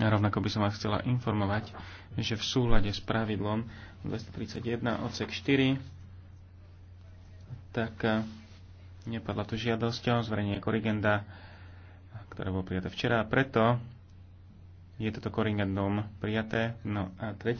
A rovnako by som vás chcela informovať, že v súlade s pravidlom 231 odsek 4 tak eh, nepadla tu žiadosť o zverejnenie korigenda, ktoré bolo prijaté včera preto je toto korigendom prijaté. No a tretie